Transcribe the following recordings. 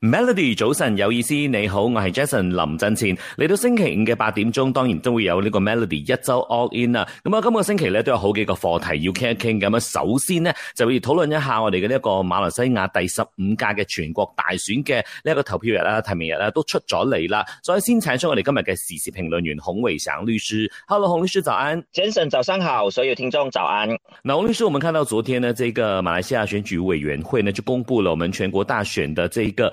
Melody 早晨有意思，你好，我是 Jason 林振前嚟到星期五嘅八點鐘，當然都會有呢個 Melody 一周 All In 啊。咁麼今個星期呢都有好幾個課題要傾一傾。咁首先呢，就會討論一下我哋嘅呢個馬來西亞第十五屆嘅全國大選嘅呢個投票日啦、啊、提名日啦、啊、都出咗嚟啦。所以先請出我哋今日嘅時事評論員孔維祥律師。Hello，孔律師早安。Jason 早上好，所有聽眾早安。嗱，孔律師，我們看到昨天呢，這個馬來西亞選舉委員會呢就公布了我們全國大選的這個。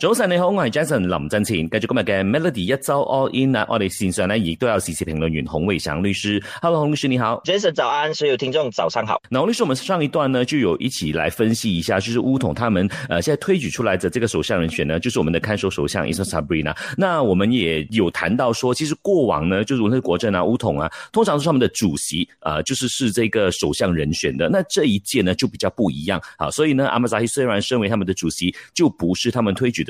周三你好，我是 Jason 林振前，繼續今日嘅 Melody 一周 All In 啊，我哋線上咧亦都有時事評論員洪維祥律師，Hello，洪律師你好，Jason 早安，所有聽眾早上好。那洪律師，我們上一段呢就有一起來分析一下，就是巫統他們，呃現在推舉出來的這個首相人選呢，就是我們的看守首相 Isaac Brina。那我們也有談到說，其實過往呢，就是如呢國陣啊、巫統啊，通常是他們的主席，呃就是是這個首相人選的。那這一屆呢就比較不一樣，好所以呢，阿馬扎希雖然身為他們的主席，就不是他們推舉的。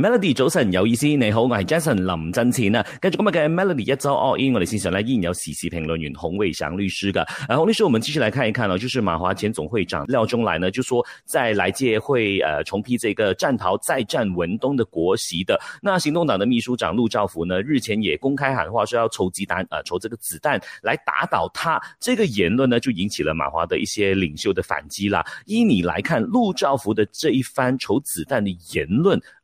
Melody 早晨有意思，你好，我是 Jason 林真情啊，跟着我們嘅 Melody 一周 a l 我的心想來依然有時事評論員洪偉祥律師的，誒，洪律師，我們繼續來看一看了、哦，就是馬華前總會長廖中萊呢，就說在來屆會呃，重批這個戰袍，再戰文冬的國席的。那行動黨的祕書長陸兆福呢，日前也公開喊話，說要籌集彈，呃，籌這個子彈來打倒他。這個言論呢就引起了馬華的一些領袖的反擊啦。依你來看，陸兆福的這一番籌子彈的言論。